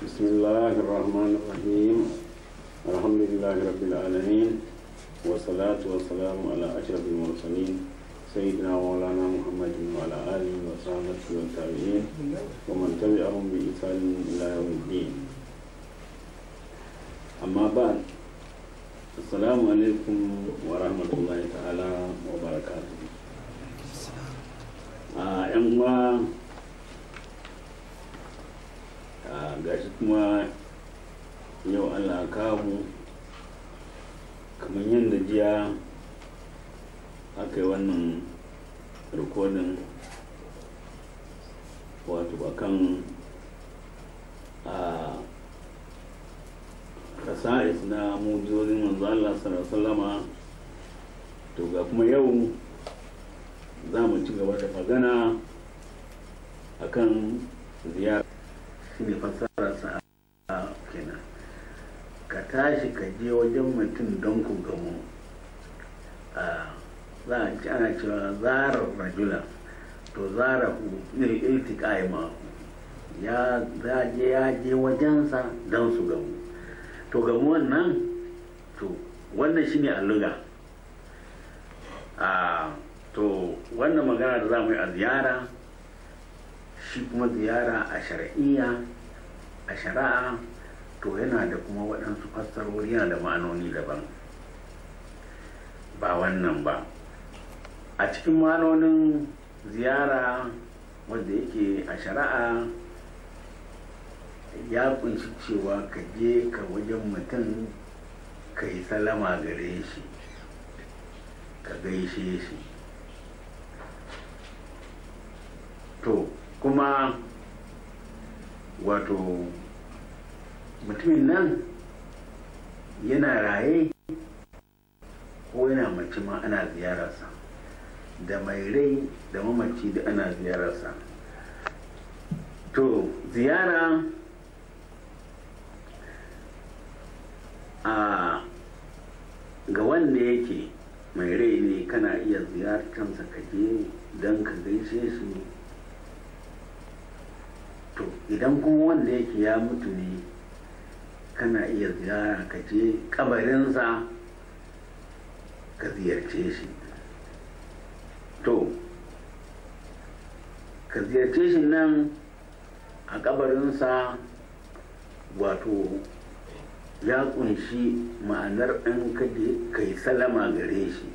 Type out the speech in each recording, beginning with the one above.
بسم الله الرحمن الرحيم الحمد لله رب العالمين والصلاة والسلام على أشرف المرسلين سيدنا مولانا محمد وعلى آله وصحبه والتابعين ومن تبعهم بإحسان إلى يوم الدين أما بعد السلام عليكم ورحمة الله تعالى وبركاته آه gashi kuma yau allah kawo kamar yadda jiya aka yi wannan rikodin wato kan a kasa'is na mujizozin manzo Allah sarasalama to ga kuma yau za mu ci gaba da magana akan ziyara ne fassarar sa kenan ka tashi ka je wajen mutum don ku a za a ci ana cewa zarar rajula to zara ku iltiƙa ma ya je ya je wajensa don su gamu to gamu wannan to wannan shi ne alluga to wannan magana da za mu yi a ziyara shi kuma ziyara a shari'iyya a shari'a to yana da kuma waɗansu fassarori yana da ma'anoni daban ba wannan ba a cikin ma'anonin ziyara wanda yake a shari'a ya kunshi cewa ka je ka wajen mutum ka yi salama gare shi ka gaishe shi to kuma wato mutumin nan yana raye ko yana mace ma ana ziyararsa da mai rai da mamaci da ana ziyararsa to ziyara a ga wanda yake mai rai ne kana iya ziyartarsa ka je don ka gaishe su. to idan kuma wanda yake ya mutu ne kana iya ziyara ka je kabarinsa ka ziyarce shi to ka ziyarce shi nan a kabarinsa wato ya kunshi ma'anar ɗan kaje kai salama gare shi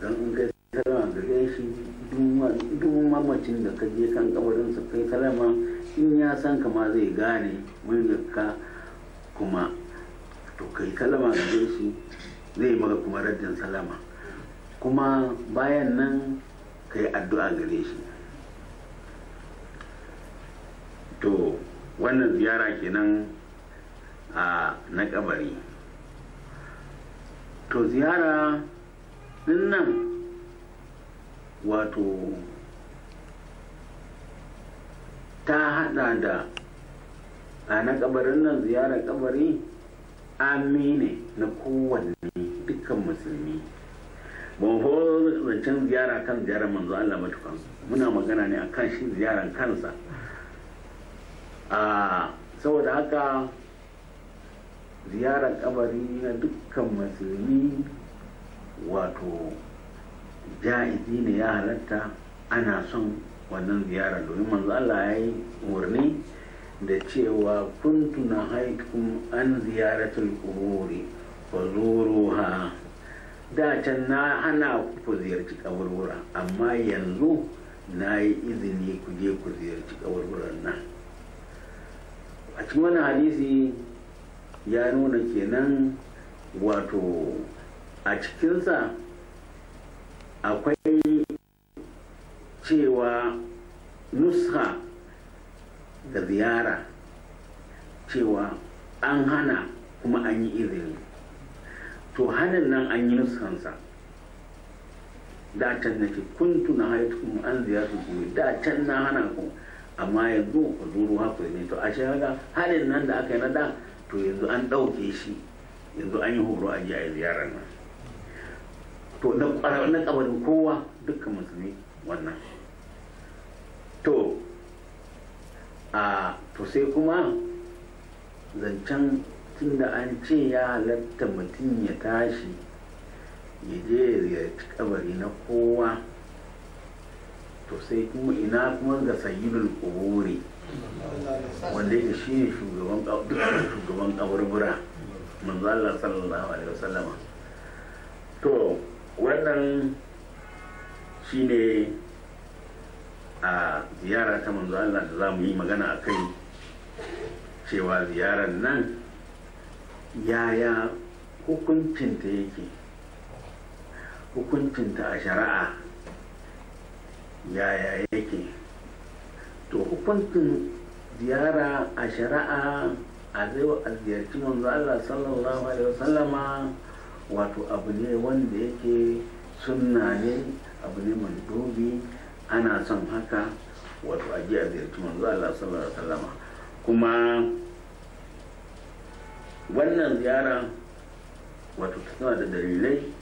don in Salama gare shi duk mamacin da ka je kan kabarinsa kai kalama in ya san kama zai gane ka kuma to kai salama gare shi zai maka kuma raddin salama kuma bayan nan kai addu'a gare shi to wannan ziyara kenan a na kabari to ziyara nan wato ta hada da a na kabarin nan ziyarar kabari amine na kowanne dukkan musulmi ban zancen ziyara kan ziyarar manzo Allah matukan muna magana ne akan shi ziyara kansa a saboda haka ziyarar kabari na dukkan musulmi wato ja'izi ne ya halatta ana son wannan ziyara domin manzo Allah ya yi umarni da cewa kuntu na haikun an ziyaratul kuburi wa zuruha da can na hana ku ku ziyarci kaburbura amma yanzu na yi izini ku je ku ziyarci kaburburan nan a cikin wani hadisi ya nuna kenan wato a cikinsa akwai cewa nusha da ziyara cewa an hana kuma an yi izini to hanin nan an yi nusransa da can na ce kuntu na kuma an ziyarta kuma da can na hana ku amma yanzu ku zuru haku ne to a shahada halin nan da aka yi na da to yanzu an ɗauke shi yanzu an yi horo a ji a yi ziyarar nan to na kabarin kowa dukkan musulmi wannan to a to sai kuma zancen tunda an ce ya halatta mutum ya tashi ya je ya ci kabari na kowa to sai kuma ina kuma ga sayidul kuburi wanda ya shi ne shugaban kaburbura manzo Allah sallallahu alaihi wasallama to wannan shi ne a ziyara ta manzo Allah da za mu yi magana a kai cewa ziyarar nan yaya hukuncinta yake hukuncinta a shari'a yaya yake to hukuncin ziyara a shari'a a zai a ziyarci manzo Allah sallallahu alaihi wasallama wato abu ne wanda yake sunna ne abu ne mai ana son haka wato a ji a ziyarci manzo Allah sallallahu alaihi wasallam kuma wannan ziyara wato tana da dalilai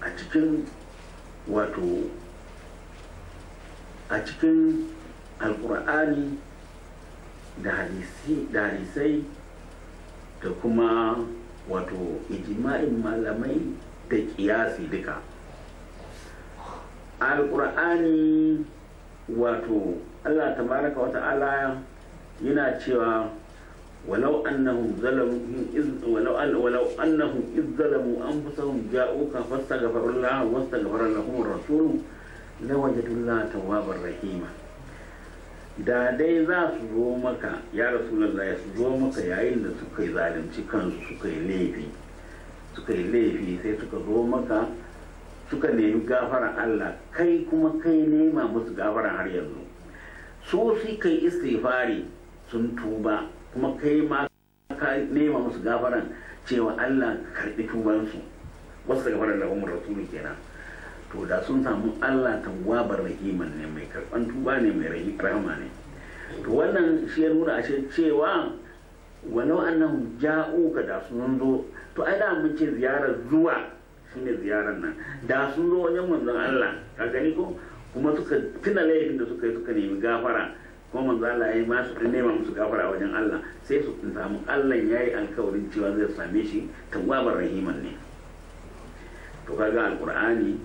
a cikin wato a cikin alkur'ani da hadisai da kuma wato ijima'in malamai da kiyasi duka alkur'ani wato allah ta baraka wata ta'ala yana cewa walau annahum zalamu in iz walau walau annahum iz zalamu anfusahum ja'uka fastaghfirullah wastaghfara lahum rasul lawajadullah tawwabar rahima da dai za su zo maka ya rasulallah su zo maka yayin da suka yi zalunci kansu suka yi laifi suka yi laifi sai suka zo maka suka nemi gafaran Allah kai kuma kai nema musu gafaran har yanzu su su kai istighfari sun tuba kuma kai ma ka nema musu gafaran cewa Allah karbi tubansu wasu daga da umar rasulu kenan to da sun samu Allah wabar rahiman ne mai karɓan tuba ne mai rahama ne to wannan shi ya nuna ashe cewa wani wannan ja'u ka da sun zo to ai da mun ce ziyarar zuwa shine ziyarar nan da sun zo wajen manzon Allah ka gani ko kuma suka tuna laifin da suka yi suka nemi gafara kuma manzo Allah ya masu nema musu gafara wajen Allah sai su samu Allah ya yi alkawarin cewa zai same shi wabar rahiman ne to kaga Alkur'ani.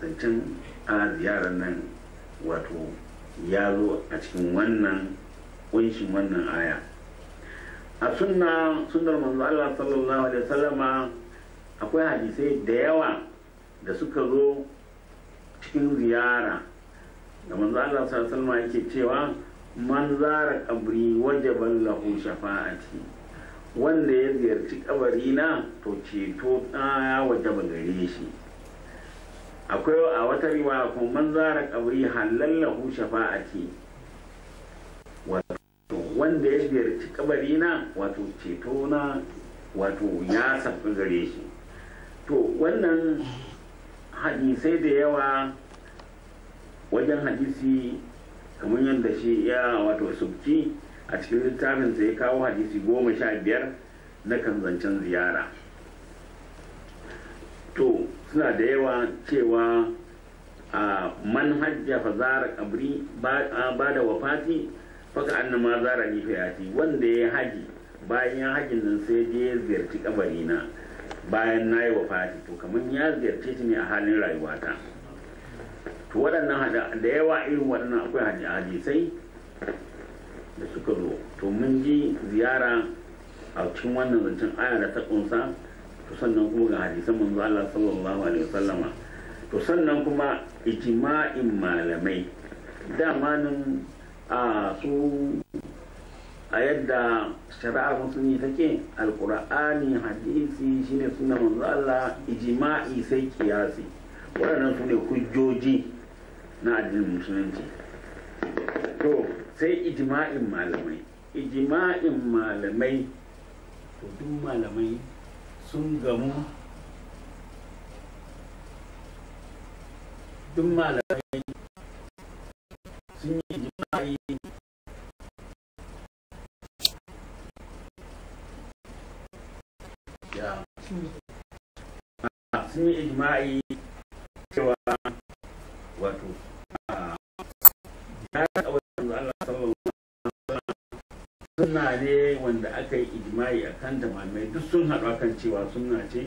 zancen a yaran nan wato ya zo a cikin wannan kunshin wannan aya a sunna sunnar manzo Allah sallallahu alaihi wasallama akwai hadisai da yawa da suka zo cikin ziyara da manzo Allah sallallahu alaihi wasallama yake cewa man zara kabri wajaban lahu shafa'ati wanda ya ziyarci kabari na to ceto ta wajaba gare shi akwai a wata riwaya kuma man zara kabri halallahu shafa'ati wato wanda ya ziyarci kabari na wato ceto na wato ya safi gare shi to wannan hadisai da yawa wajen hadisi kamar yadda shi ya wato subki a cikin littafinsa ya kawo hadisi goma sha biyar na kan zancen ziyara suna da yawa cewa a manhajja fa zara kabri ba da wafati faka an ma zara ni fayati wanda ya haji bayan ya hajin nan sai je ziyarci kabarina bayan na yi wafati to kamar ya ziyarce shi ne a halin rayuwata to waɗannan da yawa irin waɗannan akwai haji sai da suka zo to mun ji ziyara a cikin wannan zancen aya da ta kunsa to sannan kuma ga hadisan manzo Allah sallallahu alaihi wasallama to sannan kuma ijma'in malamai dama nan a su a yadda shari'ar musulmi take alqur'ani hadisi shine suna manzo Allah ijma'i sai kiyasi waɗannan su ne hujjoji na addinin musulunci to sai ijma'in malamai ijma'in malamai to duk malamai sun gamu duk malamai sun yi jima'i ah, sun yi jima'i cewa wato ah, a suna ne wanda aka yi ijimai a kan da duk sun haɗu kan cewa suna ce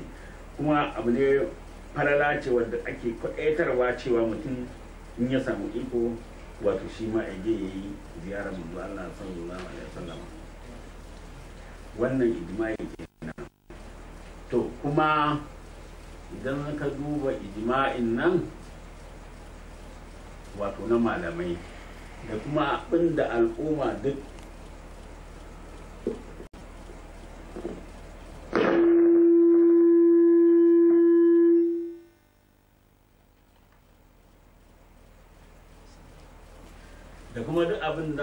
kuma abu ne farala ce wanda ake kwaɗaitarwa cewa mutum in ya samu iko wato shi ma a je ya yi ziyarar manzo Allah sallallahu alaihi wasallam wannan ijimai nan, to kuma idan ka duba ijima'in nan wato na malamai da kuma abin al'umma duk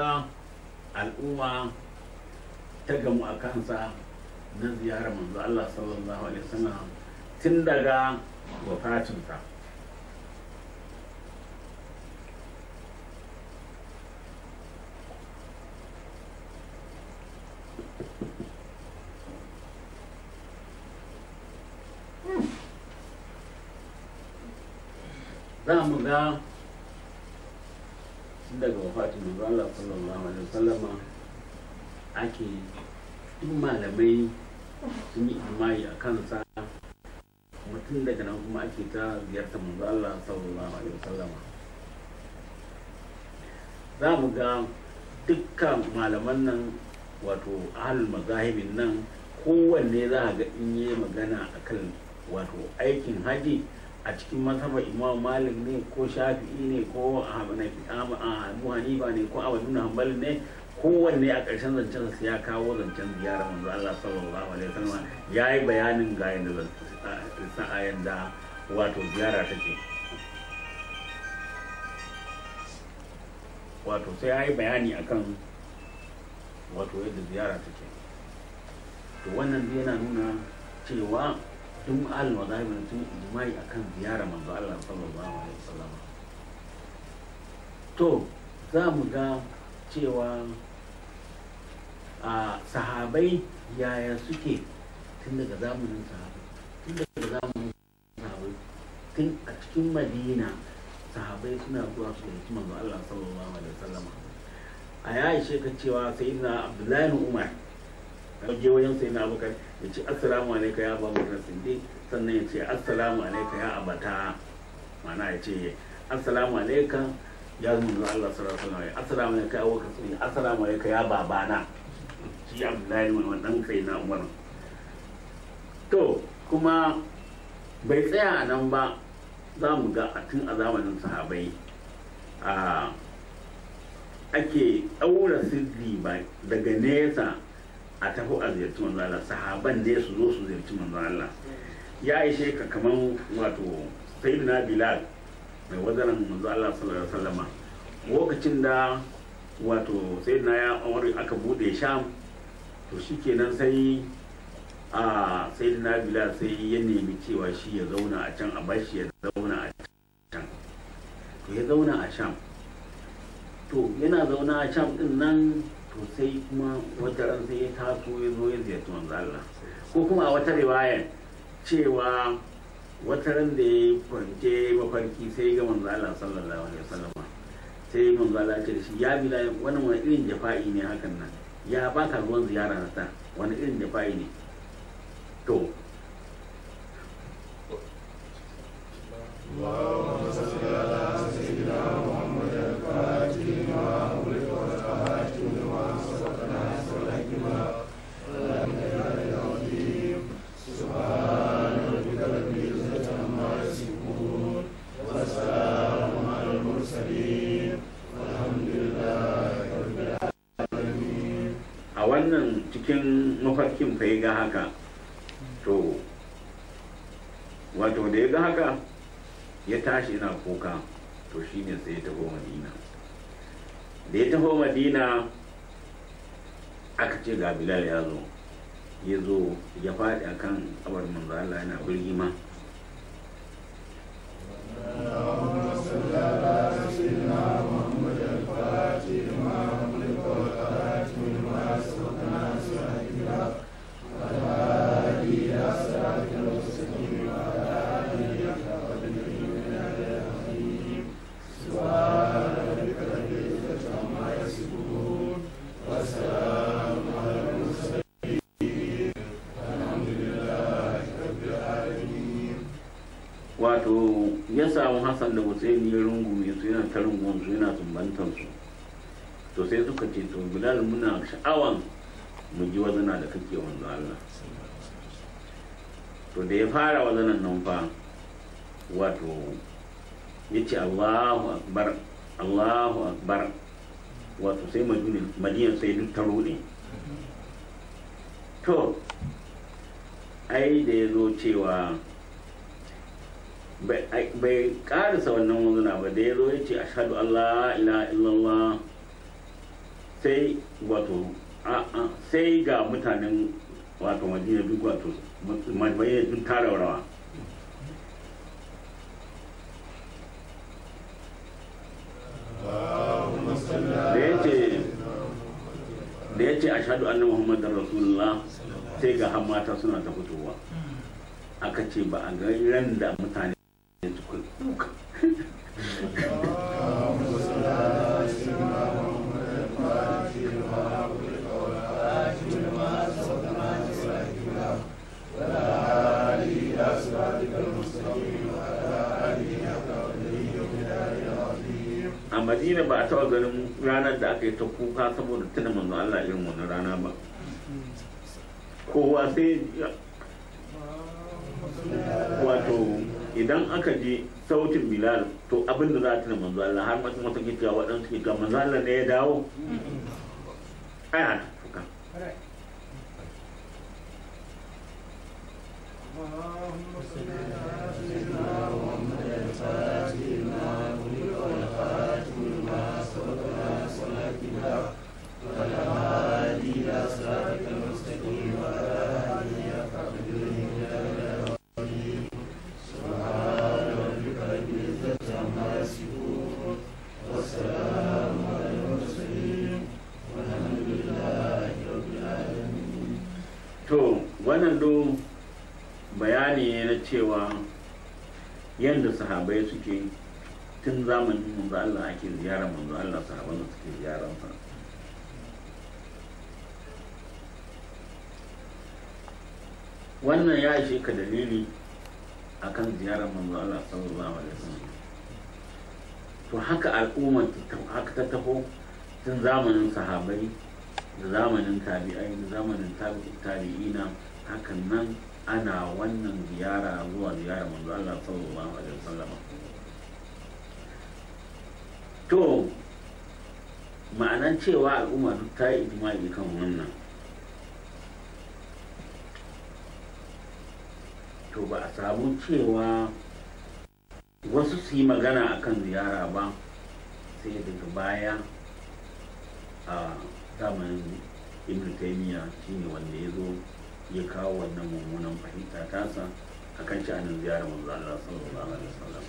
ga al'umma ta gamu a kansa na ziyarar manzo Allah sallallahu alaihi wasallam tun daga wafatinsa Yeah. Hmm. ga daga wafatin manzo Allah sallallahu alaihi wasallama ake duk malamai sun yi imani a kansa mutum daga nan kuma ake ta ziyartar manzo Allah sallallahu alaihi wasallama za mu ga dukkan malaman nan wato ahalul mazahibin nan kowanne za a ga in yi magana akan wato aikin haji a cikin mazhaba imam malik ne ko shafi'i ne ko abu hanifa ne ko abu hanbal ne kowanne a ƙarshen zancen sa ya kawo zancen ziyara manzo Allah sallallahu alaihi wasallam ya yi bayanin ga yanda sa'ayan da wato ziyara take wato sai ya yi bayani akan wato yadda ziyara take to wannan yana nuna cewa tun wa zai mana tun a akan ziyara manzo Allah sallallahu alaihi wasallam to za mu ga cewa a sahabai yaya suke tun daga zamanin sahabai tun daga zamanin sahabai tun a cikin madina sahabai suna zuwa su da manzo Allah sallallahu alaihi wasallam a ya ishe cewa sayyidina abdullahi umar waje wajen sai na abokai ya ce assalamu alaikum ya abubakar siddiq sannan ya ce assalamu alaikum ya abata mana ya ce assalamu alaikum ya zuwa Allah sallallahu alaihi wasallam assalamu alaikum ya abubakar siddiq assalamu alaikum ya babana shi abdullahi mai wannan sai na umar to kuma bai tsaya a nan ba za mu ga a tun a zamanin sahabai ake ɗaura sirri ba daga nesa a taho a ziyarci manzo Allah sahaban dai su zo su ziyarci manzo Allah ya shi ka kaman wato sayyidina bilal mai wazaran manzo Allah sallallahu alaihi wasallama lokacin da wato sayyidina ya aure aka bude sham to shikenan sai a sayyidina bilal sai ya nemi cewa shi ya zauna a can a bashi ya zauna a can to ya zauna a sham to yana zauna a sham din nan to sai kuma wata ran sai ya taso ya zo ya ziyarci manzo Allah ko kuma a wata riwaya cewa wata ran da ya kwance mafarki sai ga manzo Allah sallallahu alaihi wasallam sai manzo Allah ya ce shi ya bila wannan wani irin jafa'i ne hakan nan ya baka ruwan ziyara na ta wani irin jafa'i ne to اللهم صل على سيدنا محمد الفاتح mafarkin fa ya ga haka to wato da ya ga haka ya tashi yana kuka to shine sai ya taho madina da ya taho madina aka ce ga bilal ya zo ya zo ya faɗi akan abar manzala yana birgima to sai suka ce to bilal muna sha'awan mu ji wazana da kake wanzu Allah to da ya fara wazanan nan fa wato ya ce Allahu akbar Allahu akbar wato sai madiyan sai duk ta ruɗe to ai da ya zo cewa bai karisa wannan wazana ba da ya zo ya ce ashadu Allah ila illallah sai wato sai ga mutanen wato madina duk wato madina duk tara rawa da ya ce a shaɗu annan muhammadin rasulullah sai ga hamata suna ta fitowa aka ce ba a ga ran da mutane kuka saboda tuna manzo Allah yin wani rana ba kowa sai wato idan aka ji sautin bilal to abin da za a tuna manzo Allah har masu wata cewa waɗansu ke ga manzo Allah ne ya dawo ai hana kuka Allahumma salli to wannan do bayani ne na cewa yadda sahabai suke tun zamanin manzo Allah ake ziyarar manzo Allah da suke ziyarar sa wannan ya ishe ka dalili akan ziyarar manzo Allah sallallahu alaihi wasallam to haka al'ummar ta taho tun zamanin sahabai da zamanin tabi'ai da zamanin na hakan nan ana wannan ziyara zuwa ziyara manzo Allah sallallahu alaihi wasallam to ma'anan cewa al'umma duk ta yi jima'i kan wannan to ba a samu cewa wasu su yi magana akan ziyara ba sai daga baya a daman ibn taymiya shine wanda ya zo ya kawo wannan mummunan fahimta tasa akan sha'anin ziyarar manzo Allah sallallahu alaihi wasallam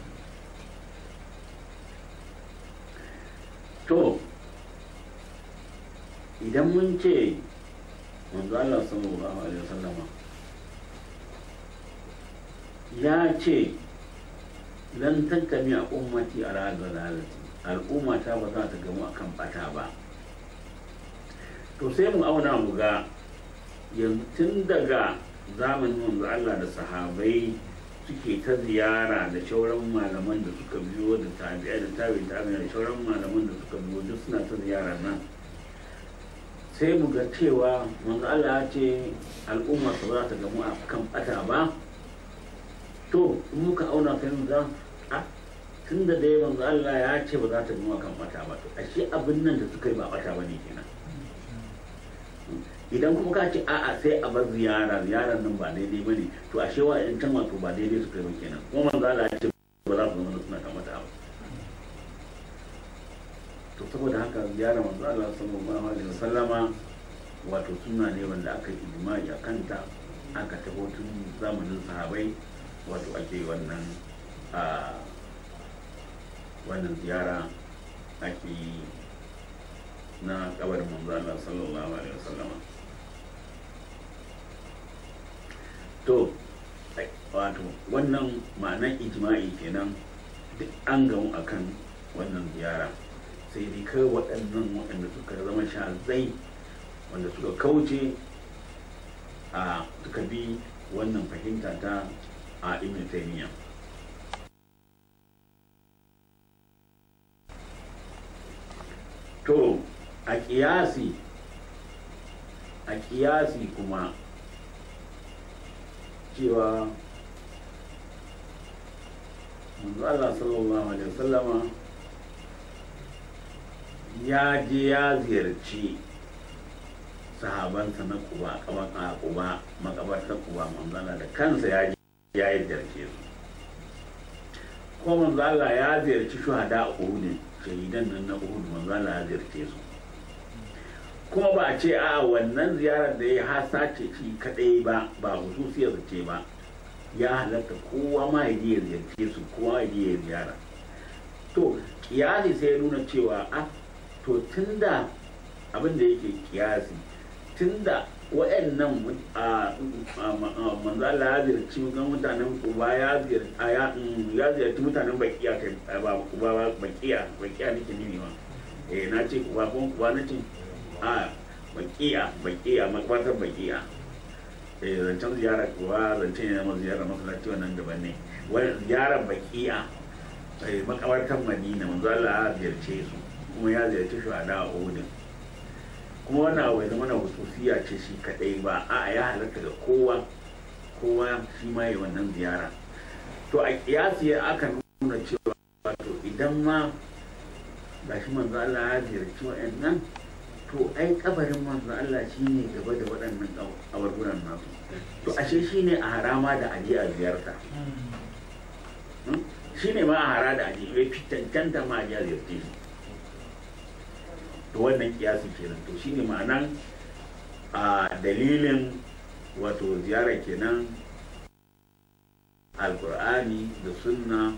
to idan mun ce manzo Allah sallallahu alaihi wasallam ya ce lan tantami a ummati ala dalalati al'umma ta ba za ta gamu akan bata ba to sai mu auna mu ga yanzu tun daga zamanin yanzu Allah da sahabai suke ta ziyara da shauran malaman da suka biyo da tabi'a da tabi'a tabi'a da shauran malaman da suka biyo duk suna ta ziyara nan sai mu ga cewa manzo Allah ya ce al'umma su za ta gamu a kan bata ba to in muka auna kai mu ga a da dai manzo Allah ya ce ba za ta gamu a kan bata ba to ashe abin nan da suka yi ba bata bane kenan idan kuma ka ce a'a sai a bar ziyara ziyarar nan ba daidai ba ne to a shewa yan can wato ba daidai su kai ba kenan kuma manzo Allah ya ce ba za su zama suna kama da to saboda haka ziyarar manzo Allah sallallahu alaihi wasallama wato suna ne wanda aka yi ijma'i a kanta aka taho tun zamanin sahabai wato ake wannan wannan ziyara ake na kabarin manzo Allah sallallahu alaihi wasallama to wato wannan ma'anan ijma'i kenan duk an gamu kan wannan ziyara sai dai kai waɗannan waɗanda suka zama shazai wanda suka kauce a suka bi wannan fahimta ta a ibn to a kiyasi a kiyasi kuma cewa manzo Allah sallallahu alaihi wasallama ya je ya ziyarci sahabansa na kuba a kuba makabartar kuba manzana da kansa ya je ya yi ziyarce su ko manzo Allah ya ziyarci shuhada a Uhud shahidan nan na Uhud manzo Allah ya ziyarce su kuma ba a ce a wannan ziyarar da ya hasa ce shi kadai ba ba hususiyar ce ba ya halatta kowa ma ya je ya ziyarce su kowa ya je ya ziyara to kiyasi sai ya nuna cewa a to tunda abin da yake kiyasi tunda waɗannan manzo Allah ya ziyarci mutanen Kuba mm, ya ziyarci mutanen Bakiya kai ba Kuba Bakiya Bakiya nake nemi ma eh na ce Kuba kuma Kuba na ce a bakiya bakiya makarantar bakiya eh zancen ziyara kuwa zancen yana ma ziyara masallaci wannan gaban ne wani ziyarar bakiya eh, makabartar madina manzo Allah ya ziyarce su kuma ya ziyarci shuhada a odin kuma wannan abu zama na hususiya ce shi kadai ba a ya halarta ga kowa kowa shi ma yi wannan ziyara to a kiyasi aka nuna cewa to idan ma ba shi manzo Allah ya ziyarci wa'annan to ai kabarin manzo Allah shine gaba da waɗannan kabargunan nasu to ashe shine a harama da aje a ziyarta hmm? shine ma a hara da aje bai fitancan da ma aje a ziyarta to wannan kiyasi kenan to shine ma'anan a dalilin wato ziyara kenan alkur'ani da sunna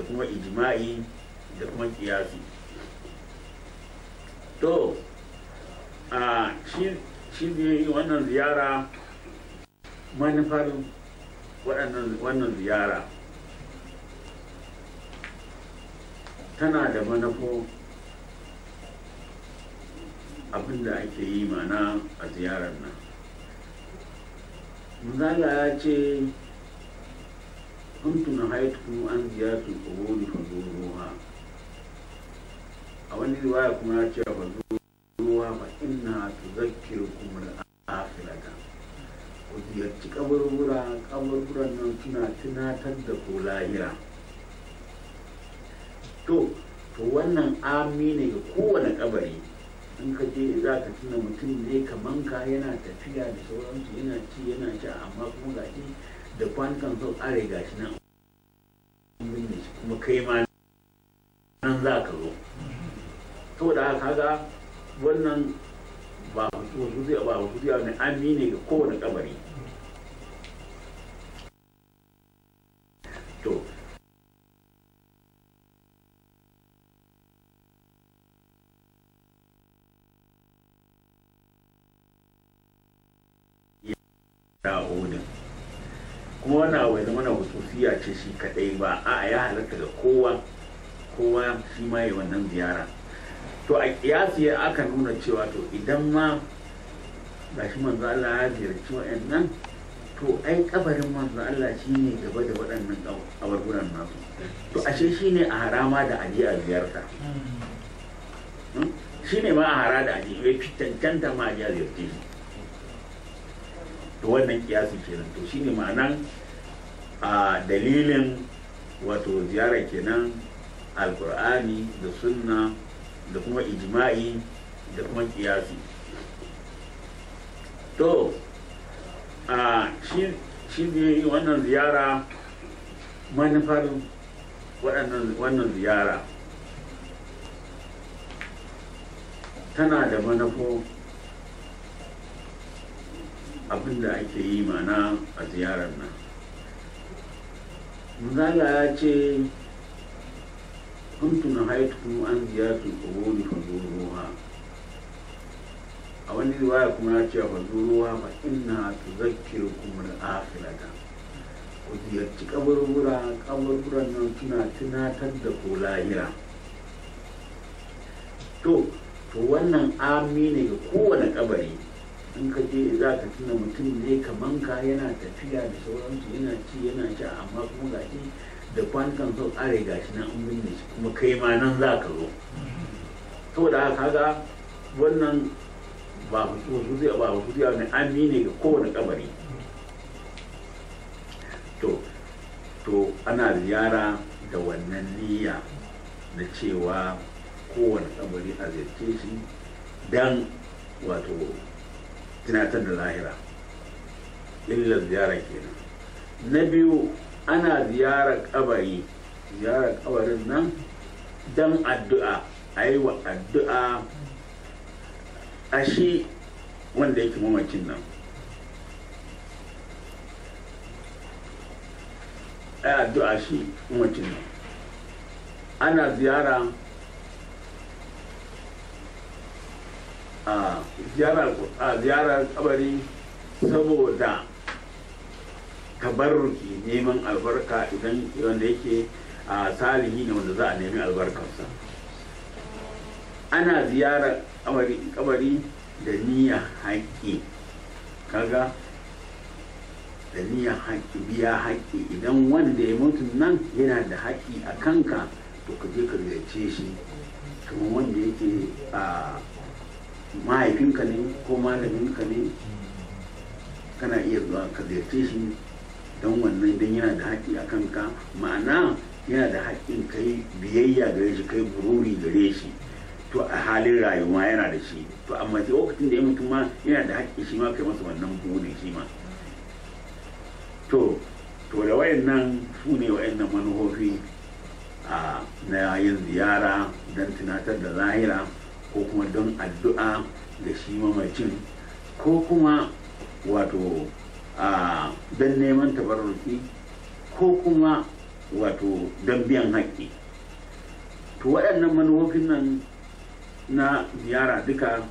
da kuma ijma'i da kuma kiyasi to a shi ne wannan ziyara manufar wannan ziyara tana da manufo abinda ake yi mana a ziyarar nan Muzala ya ce kuntun haitukum an ziyartu kuburi ruwa. a wani riwaya kuma ya ce fazuruha ruwa ba ina tuzakkirukum al-akhirata ku ziyarci kaburbura kaburburan nan suna tunatar da ku lahira to to wannan Amina ga kowane kabari in ka je za ka tuna mutum ne kaman ka yana tafiya da sauransu yana ci yana ci, amma kuma ga shi da kwantan sau are ga shi nan kuma kai ma nan za ka zo to da haka ga wannan ba wasu zai ba wasu zai ne ami ga kowane kabari to kuma wana wai zama na hususiya ce shi kadai ba a ya halatta ga kowa kowa shi ma yi wannan ziyara to a kiyasi aka nuna cewa to idan ma shi manzo Allah ya ziyarci waɗannan to ai kabarin manzo Allah shine gaba da waɗannan kabargunan nasu to ashe shine a harama da aje a ziyarta hmm? shine ma a hara da aje bai fitancanta ma aje a ziyarce shi to wannan kiyasi kenan to shine ma'anan a dalilin wato ziyara kenan alkur'ani da sunna da kuma ijma'i da kuma kiyasi to a shi ne wannan ziyara manufar wannan ziyara tana da manufo abinda ake yi mana a ziyarar nan. Muzala ya ce an نهيتكم عن kogo ne فزوروها a wani riwaya kuma ya ce wa ba ina inna tuzakkirukum al-akhirata ku ziyarci kaburbura kaburburan nan suna tunatar da ko lahira to to wannan ami ne ga kowane kabari in ka je za ka tuna mutum ne kamanka yana tafiya da sauransu yana ci yana ci amma kuma ga shi da kwanukan sun tsare gashi na an binne kuma kai ma nan za ka zo saboda haka kaga wannan ba hukuziya ba hukuziya ne amini ga kowane kabari to to ana ziyara da wannan niyya na cewa kowane kabari a ziyarce shi dan wato tunatar da lahira illar ziyara kenan na biyu ana ziyarar kabari ziyarar kabarin nan don addu'a a yi wa addu'a a shi wanda yake mamakin nan a yi addu'a shi mamakin nan ana ziyara a ziyarar kabari saboda tabarruki neman albarka idan wanda yake a salihi ne wanda za a nemi albarkarsa ana ziyarar kabari da niyyar haƙƙi kaga da niyyar haƙƙi biya haƙƙi idan wanda ya mutu nan yana da haƙƙi a kanka to ka je ka ziyarce shi kuma wanda yake a mahaifinka ne ko malaminka ne kana iya zuwa ka ziyarce shi don wannan don yana da haƙƙi a kanka ma'ana yana da haƙƙin kai biyayya gare shi kai bururi gare shi to a halin rayuwa yana da shi to amma sai lokacin da ya mutu ma yana da haƙƙi shi ma kai masa wannan buri shi ma to to da wayannan su ne wayannan manufofi a na yin ziyara don tunatar da zahira ko kuma don addu'a da shi mamacin ko kuma wato don neman tabarruki ko kuma wato don biyan haƙƙi to waɗannan manufofin nan na ziyara duka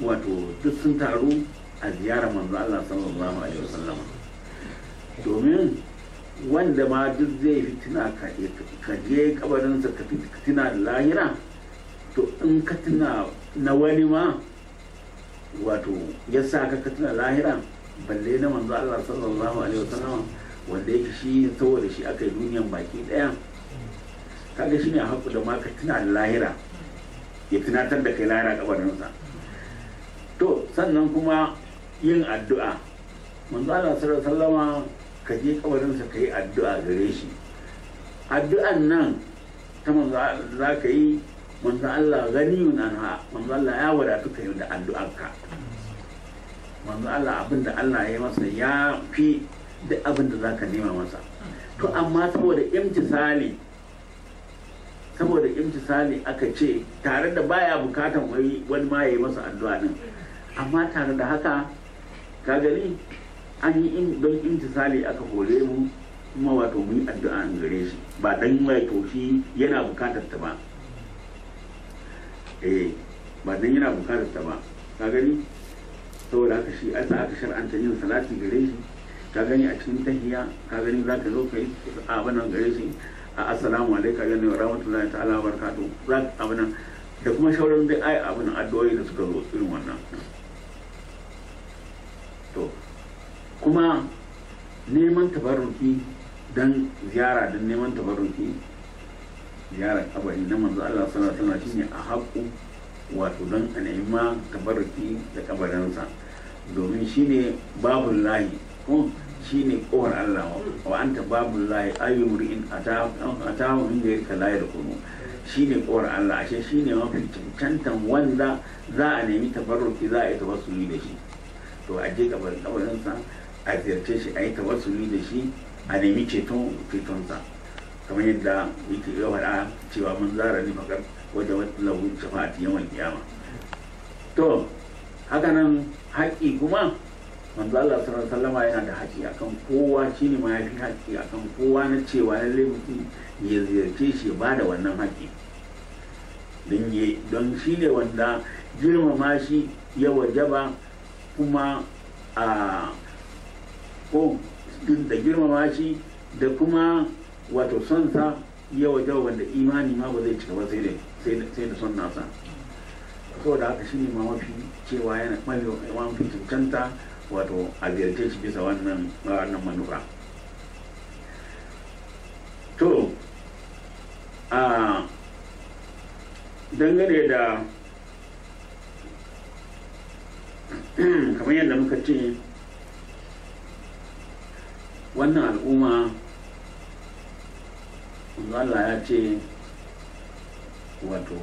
wato duk sun taru a ziyarar manzo Allah sallallahu alaihi wasallam domin wanda ma duk zai fitina ka je kabarinsa ka tuna da lahira to in ka tuna na wani ma wato ya sa ka tuna lahira balle na manzo Allah sallallahu alaihi wasallam wanda yake shi saboda shi aka yi duniyan baki daya kaga ne a haƙu da ma ka tuna da lahira ya tunatar da kai lahira kabarinsa to sannan kuma yin addu'a manzo Allah sallallahu alaihi ka je kabarinsa ka yi addu'a gare shi addu'an nan ta manzo za ka yi manzo Allah ganiyun anha manzo Allah ya wadatu ka yi da ka. manzo Allah abin da Allah ya masa ya fi duk abin da zaka nema masa to amma saboda imtisali saboda imtisali aka ce tare da baya bukatan wani wani ma yi masa addu'a din amma tare da haka ka gani an yi don imtisali aka hore mu kuma wato mu yi addu'a an gare shi ba dan wato toshi yana bukatar ta ba eh ba dan yana bukatar ta ba ka gani saboda haka shi asa aka shar'anta yin salati gare shi ka gani a cikin tahiya ka gani za ka zo ka yi abinan nan gare shi a assalamu alaikum gani wa rahmatullahi ta'ala wa barakatuh za ka abinan da kuma shauran dai ai abin addu'o'i da suka zo irin wannan to kuma neman tabarruki dan ziyara dan neman tabarruki ziyara kabari na manzo Allah sallallahu alaihi wasallam shine a haƙu wato dan a nema tabarruki da kabarinsa domin shi ne babu lahi shi ne kowar Allah wa anta babul lahi ayyu da atahu ka ghayrika da kuma? shi ne kowar Allah ashe shi ne mafi cancantan wanda za a nemi tabarruki za a yi tawassuli da shi to a je gaban kabarinsa a ziyarce shi a yi tawassuli da shi a nemi ceton cetonsa kamar yadda yake ya faɗa cewa mun zara ni fakar wajen wata lagun shafa'ati wani kiyama to nan haƙƙi kuma manzo Allah sallallahu alaihi salama yana da haƙƙi akan kowa shine ma yafi haƙƙi akan kowa na cewa lalle mutum ya ziyarce shi ba da wannan haƙƙi don ye don shi ne wanda girmama shi ya wajaba kuma a ko da girmama shi da kuma wato son sa ya wajaba wanda imani ma ba zai cika ba sai da son nasa saboda haka shine ma mafi cewa yana mafi cutanta wato a ziyarce shi bisa wannan wannan manufa to a dangane da kamar yadda muka ce wannan al'umma Allah ya ce wato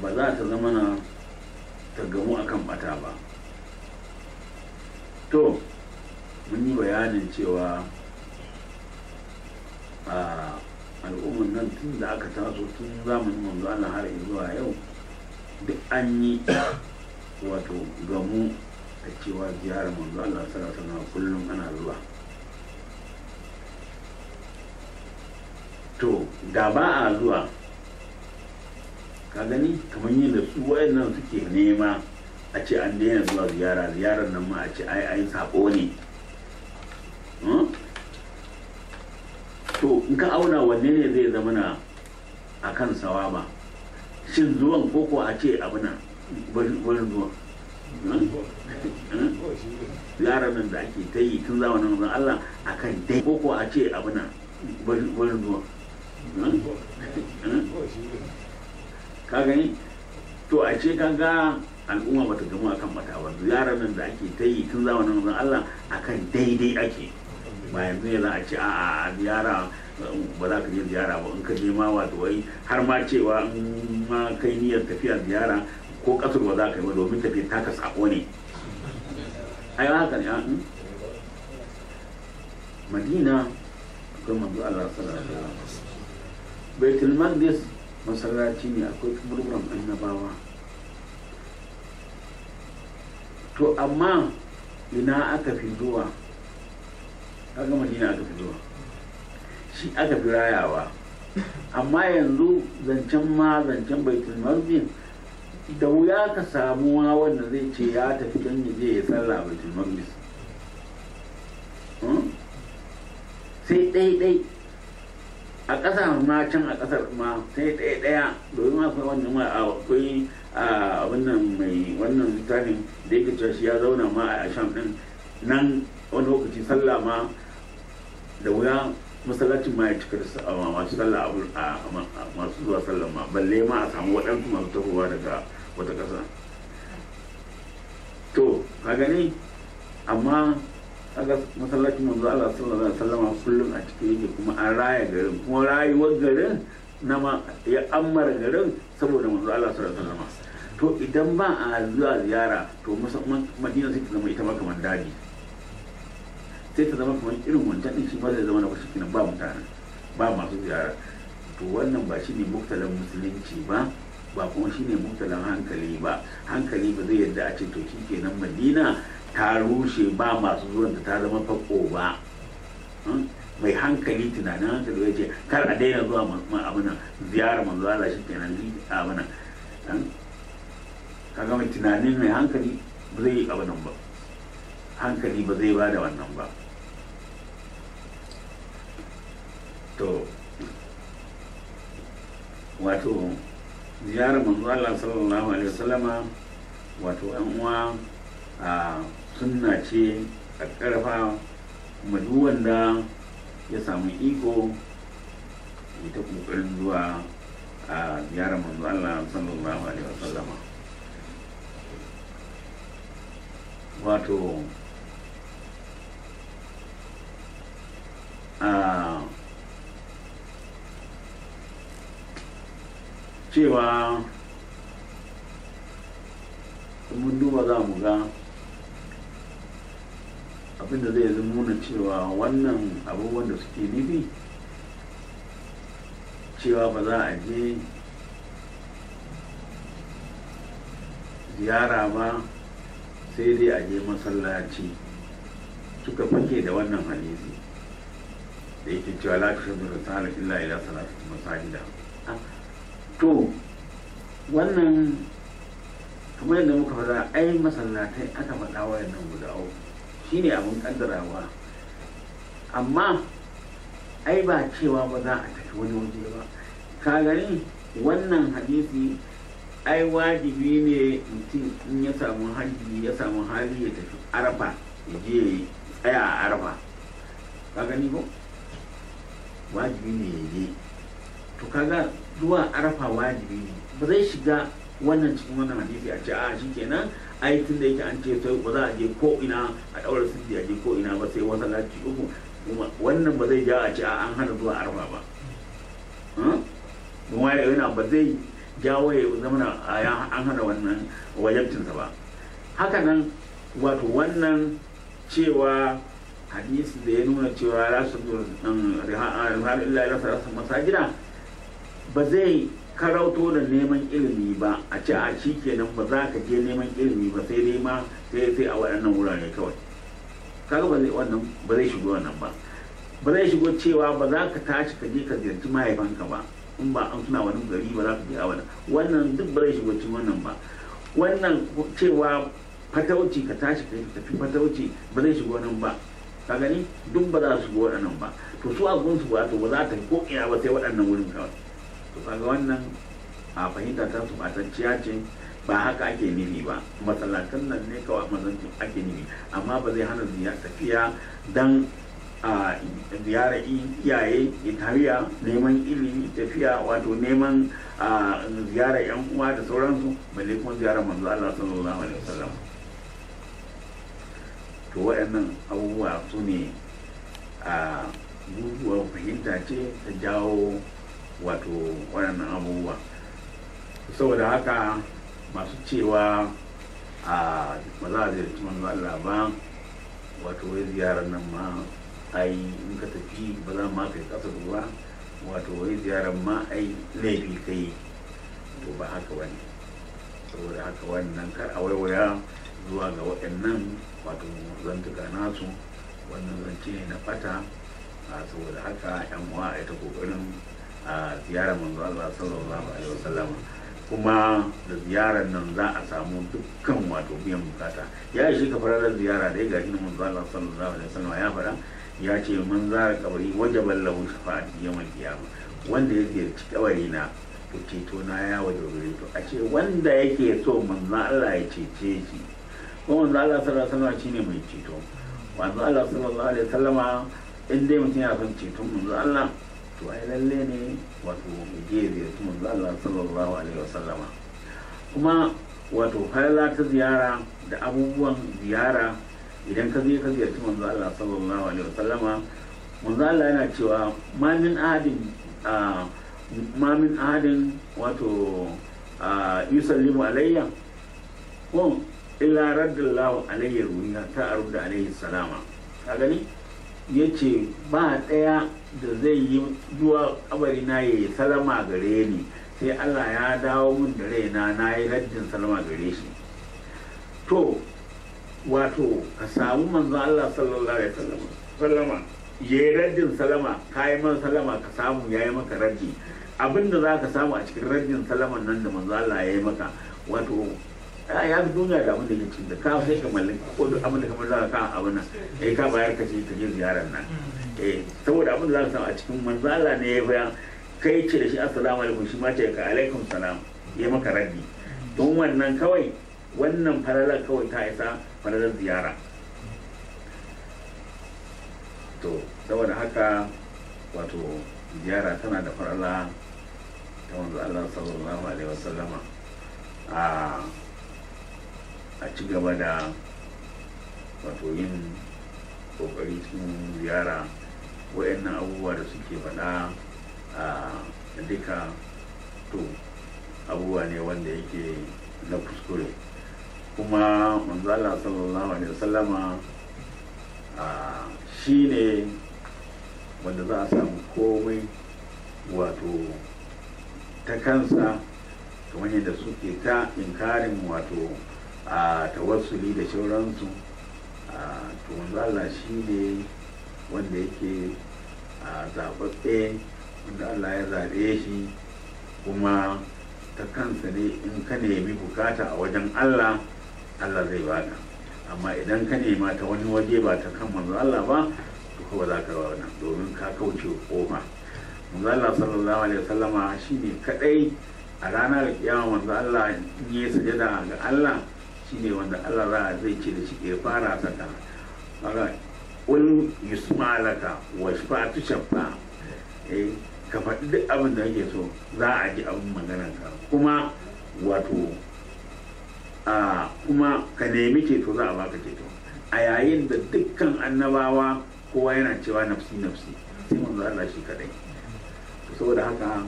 ba za ta zama na ta gamu akan bata ba to mun yi bayanin cewa a al'ummar nan tun da aka taso tun zamanin manzo Allah har zuwa yau duk an yi wato gamu da cewa jihar manzo Allah sallallahu na kullum ana zuwa to da ba a zuwa ka gani kamar yin da su wayannan suke nema a ce an daina zuwa ziyara ziyarar nan ma a ce ai ai sabo ne hmm? to in ka auna wanne ne zai zama na a kan sawaba shin zuwan koko a ce abu na wani zuwa. Hmm? Hmm? ziyarar nan da ake ta yi tun zama nan Allah a kan dai koko a ce abu na wani zuwa. ka gani to a ce ka ga al'umma bata gamu akan matawa ziyarar nan da ake ta yi tun zamanin manzon Allah akan daidai ake ba yanzu ne za a ce a ziyara ba za ka je ziyara ba in ka je ma wato wai har ma cewa in ma kai niyyar tafiya ziyara ko kasar ba za ka yi ba domin tafiya taka sako ne ai haka ne hmm? madina akwai manzo Allah sallallahu alaihi wasallam baitul maqdis masallaci ne akwai kaburburan annabawa to amma ina aka fi zuwa kaga madina aka fi zuwa shi aka fi rayawa amma yanzu zancen ma zancen baitul masjid da wuya ka samu wa wanda zai ce ya tafi don ya je ya sallah baitul masjid hmm? sai ɗaiɗai a ƙasa ma can a ƙasar ma sai ɗaya ɗaya domin akwai wannan ma akwai a wannan mai wannan littafin da yake cewa shi ya zauna ma a sham ɗin nan wani lokaci sallah ma da wuya masallacin ma ya cika da masu sallah a masu zuwa sallah ma balle ma a samu waɗansu masu tafowa daga wata ƙasa to ka gani amma Aga masallacin manzo Allah sallallahu alaihi wasallam kullum a cikin yake kuma an raya garin kuma rayuwar garin na ma ya ammara garin saboda manzo Allah sallallahu alaihi wasallam to idan ba a zuwa ziyara to musamman madina sai ta zama ita ma kamar daji sai ta zama kamar irin wancan din shi ba zai zama na wasu kinan ba mutane ba masu ziyara to wannan ba shi ne muktalan musulunci ba ba kuma ne muktalan hankali ba hankali ba zai yadda a ce to kenan madina ta rushe ba masu zuwan da ta zama fako ba hmm? mai hankali tunanin hankali ya ce kar a daina zuwa abinan ziyarar manzo Allah shi kenan abinan hmm? ga mai tunanin mai hankali ba zai yi abinan ba hankali ba zai ba da wannan ba to wato ziyarar manzo Allah sallallahu alaihi wasallama wato yan uwa a ah, suna ce a ƙarfa kuma da wanda ya samu iko ya ta ƙoƙarin zuwa a ziyarar manzo Allah sallallahu alaihi wasallam wato a cewa mun duba za mu ga abinda zai nuna cewa wannan abubuwan da suke nufi cewa ba za a je ziyara ba sai dai a je masallaci suka fake da wannan hadisi da yake cewa la tushaddu risala illa ila salatati masajida to wannan kamar yadda muka faɗa ai masallatai aka faɗa yadda guda uku shine abin kandarawa, amma ai ba cewa ba za a tafi wani waje ba kagari wannan hadisi ai wajibi ne mutum in ya samu hajji ya samu hali ya tafi arafa ya je tsaya a arafa. ka gani ko wajibi ne ya je to kaga zuwa arafa wajibi ne ba zai shiga wannan cikin wannan hadisi a ce a shi kenan ai tun da yake an ce sai ba za a je ko ina a daura sirri a je ko ina ba sai lati uku wannan ba zai ja a ce an hana zuwa arfa ba hmm? kuma yana ba zai jawo ya zama an hana wannan wajabcinsa ba haka nan wato wannan cewa hadisi da ya nuna cewa rasu rihar um, illa rasa rasa masajina ba zai karauto da neman ilimi ba a ce a shi kenan ba za ka je neman ilimi ba sai dai ma sai sai a waɗannan wurare kawai kaga ba zai wannan ba zai shigo wannan ba ba zai shigo cewa ba za ka tashi ka je ka ziyarci mahaifanka ba in ba an suna wani gari ba za ka je a wannan wannan duk ba zai shigo cikin wannan ba wannan cewa fatauci ka tashi ka tafi fatauci ba zai shigo nan ba ka gani duk ba za su shigo waɗannan ba to su a gunsu ba to ba za ta ko ina ba sai waɗannan wurin kawai kaga wannan a fahimta ta tubatacciya ce ba haka ake nufi ba matsalatan nan ne kawai mazanci ake nufi amma ba zai hana tafiya dan a ziyara iyaye italiya neman ilimi tafiya wato neman ziyara yan uwa da sauransu balle kuma ziyara manzo Allah sallallahu alaihi wasallam to waɗannan abubuwa su ne a guguwar fahimta ce ta jawo wato waɗannan abubuwa saboda haka masu cewa a ba za ziyarci Allah ba wato wai ziyarar nan ma ai in ka tafi ba za ma kai kasar ruwa wato wai ziyarar ma ai laifi kai to ba haka wani saboda haka wannan kar a waiwaya zuwa ga waɗannan wato zantuka nasu wannan zance ne na fata saboda haka yan uwa ya ta kokarin a ziyarar manzo Allah sallallahu alaihi wasallam kuma da ziyarar nan za a samu dukkan wato biyan bukata ya yi ka fara ziyara da ya gashi na manzo Allah sallallahu alaihi wasallam ya fara ya ce man zara kabari wajaban lahu shafa'ati yawmal qiyamah wanda ya ziyarci kabari na to ceto na ya wajabe to a ce wanda yake so manzo Allah ya cece shi kuma manzo Allah sallallahu alaihi wasallam shine mai ceto manzo Allah sallallahu alaihi wasallam in dai mutum ya san ceton manzo Allah to ai lalle ne wato mu je da Allah sallallahu alaihi wasallama kuma wato falala ta ziyara da abubuwan ziyara idan ka je ka ziyarci manzo Allah sallallahu alaihi wasallama manzo Allah yana cewa ma min ahadin ma min ahadin wato yusallimu alayya ko illa raddallahu alayya ruhiya ta arudda alayhi salama ka gani yace ba daya da zai yi zuwa kabarina ya yi salama gare ni sai allah ya dawo min da raina na yi raddin salama gare shi to wato ka samu manzo allah sallallahu alaihi sallama ya yi raddin salama ka yi man salama ka samu ya yi maka raddi abinda za ka samu a cikin raddin salaman nan da manzo allah ya yi maka wato ya fi duniya da abin da ke cikin da ka sai ka mallaka ko duk abin da kamar za ka abin nan ya ka bayar ka ce ka je ziyarar nan Eh, saboda abin da za ka samu a cikin manzala ne ya bayan kai ce da shi assalamu alaikum shi mace ka alaikum salam ya maka rabbi don wannan kawai wannan falalar kawai ta isa falalar ziyara to saboda haka wato ziyara tana da farala ta wanzu Allah sallallahu alaihi wasallama a a ci gaba da wato yin kokari cikin ziyara wayannan abubuwa da suke faɗa a duka to abubuwa ne wanda yake na kuskure kuma manzala sallallahu alaihi wasallama shi ne wanda za a samu komai wato ta kansa kamar yadda suke ta inkarin wato a tawassuli da shauransu to manzala shi ne wanda yake a zaɓaɓɓe wanda Allah ya zaɓe shi kuma ta kansa ne in ka nemi bukata a wajen Allah Allah zai baka amma idan ka nema ta wani waje ba ta kan manzo Allah ba to ko za ka rawa domin ka kauce koma manzo Allah sallallahu alaihi wasallama shine kadai a ranar kiyama manzo Allah in yi sujada ga Allah shine wanda Allah za zai ce da shi ke fara saka ƙul yusma laka wa Fati shafa eh, ka faɗi duk abin da ake so za a ji abin maganarka kuma wato a kuma ka nemi ceto za a baka ceto a yayin da dukkan annabawa kowa yana cewa nafsi nafsi sai za a shi kadai saboda haka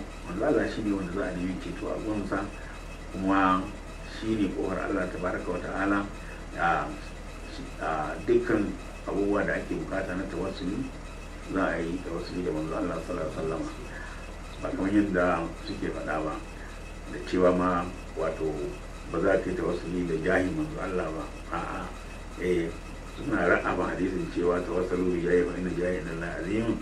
za a shi ne wanda za a nemi ceto a gonsa kuma shi ne kowar Allah ta wa ta'ala a dukkan abubuwa da ake bukata na tawassuli za a yi tawassuli da manzo Allah sallallahu alaihi ba kamar yadda suke faɗa ba da cewa ma wato ba za ka yi tawassuli da jahi manzo Allah ba a'a eh suna ba hadisin cewa tawassalu bi jahi fa inna jahi inna Allah azim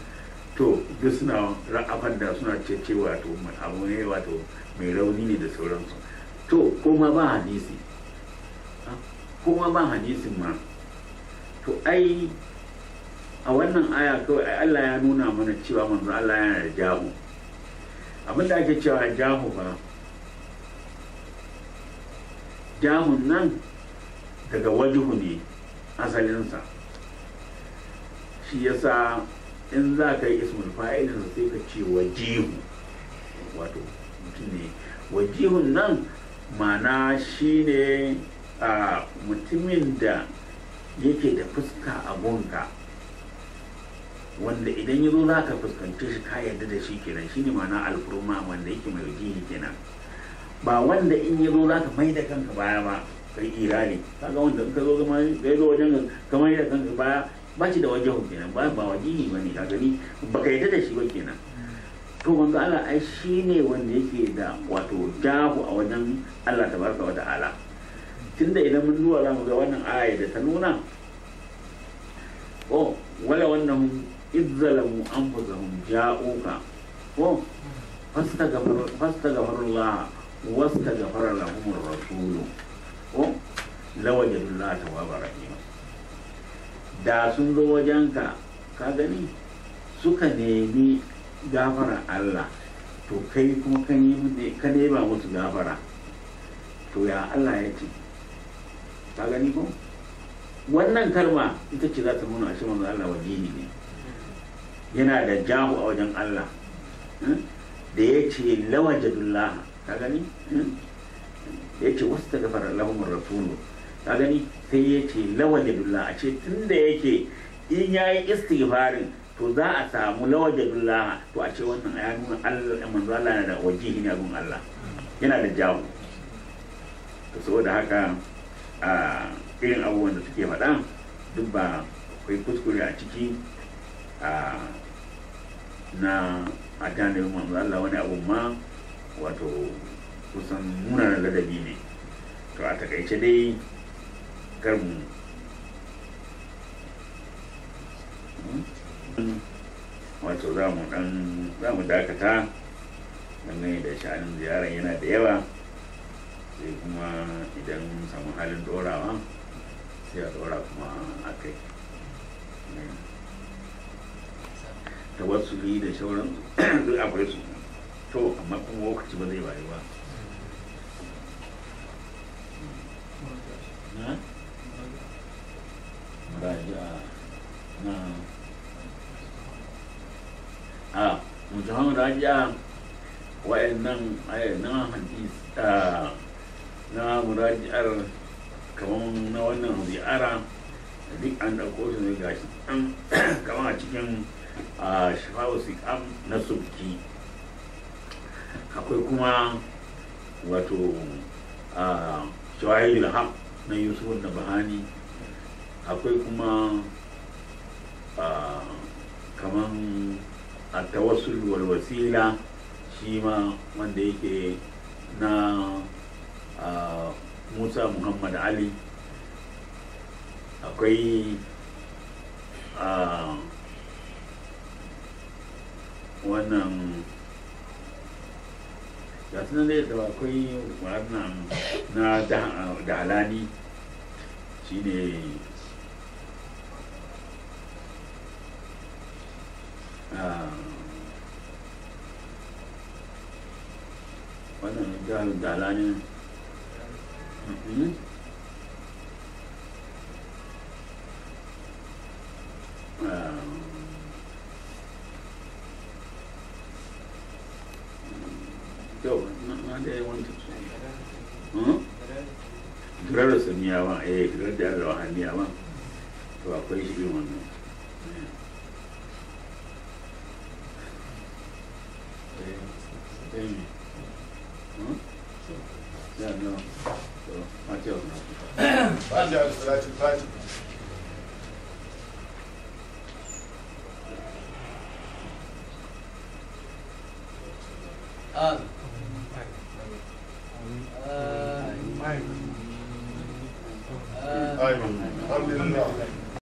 to duk suna ra'afar da suna ce cewa to abu ne wato mai rauni ne da sauransu to koma ba hadisi ma ba hadisin ma to ai a wannan aya kawai ai Allah ya nuna mana cewa manzo Allah yana da jahu da ake cewa jahu ba nan daga wajihu ne asalinsa shi yasa in za ka yi ismul fa'ilin sai ka ce wajihu wato mutum ne wajihun nan mana shine a mutumin da yake da fuska a gonka wanda idan ya zo za ka fuskanci shi ka yarda da shi kenan shi ne ma'ana alfurma wanda yake mai wajihi kenan ba wanda in ya zo za ka mai da kanka baya ba kai ne kaga wanda ka zo zama ya zo wajen ka mai da kanka baya ba shi da wajen kenan ba ba wajihi ba ne ka gani ba ka yarda da shi ba kenan to manzo Allah ai shi ne wanda yake da wato jahu a wajen Allah tabaraka wa ta'ala tunda idan mun duba zamu ga wannan aya da ta nuna ko oh, wala wannan izzalamu anfusahum ja'uka ko oh, fastaghfir fastaghfirullah wastaghfara lahum ar-rasul ko oh, lawajadullah tawwaba rahim da sun zo wajenka ka gani suka nemi gafara Allah to kai kuma ka ba musu gafara to ya Allah ya ce ka gani ko wannan kalma ita ce za ta nuna a shirin Allah wajini ne yana da jahu a wajen Allah hmm? da ya ce lawajadullah ka gani hmm? ya ce wasu ta gafara lahumar rasulu ka gani sai ya ce lawajadullah a ce tun da yake in ya yi istighfarin to za a samu lawajadullah to a ce wannan ya nuna Allah manzo Allah na da wajihi ne Allah yana da jahu to saboda haka a irin abubuwan da suke faɗa duk ba akwai kuskure a ciki na a janibin manzo Allah wani abu ma wato kusan munanan ladabi ne to a takaice dai kar hmm? wato za mu dan za mu dakata da sha'anin ziyarar yana da yawa sai kuma idan samu halin dorawa sai a dora kuma a kai ta wasu yi da shauran duk akwai su to amma kuma lokaci ba zai bayi ba hm? ah, na a ah, mutum rajiya ah, wa'annan hadis na muraji'ar kamar na wannan ziyara duk an ɗauko su ne gashi kamar a cikin shifawu sikam na subki akwai kuma wato shawahil ham na yusuf da bahani akwai kuma kamar a tawassul wal wasila shi ma wanda yake na musa muhammad ali akwai wannan ga su nan da akwai wannan na dalani shi ne wannan dalani yau um, na hmm? da yawan eh, da eh turar da to akwai shi irin wannan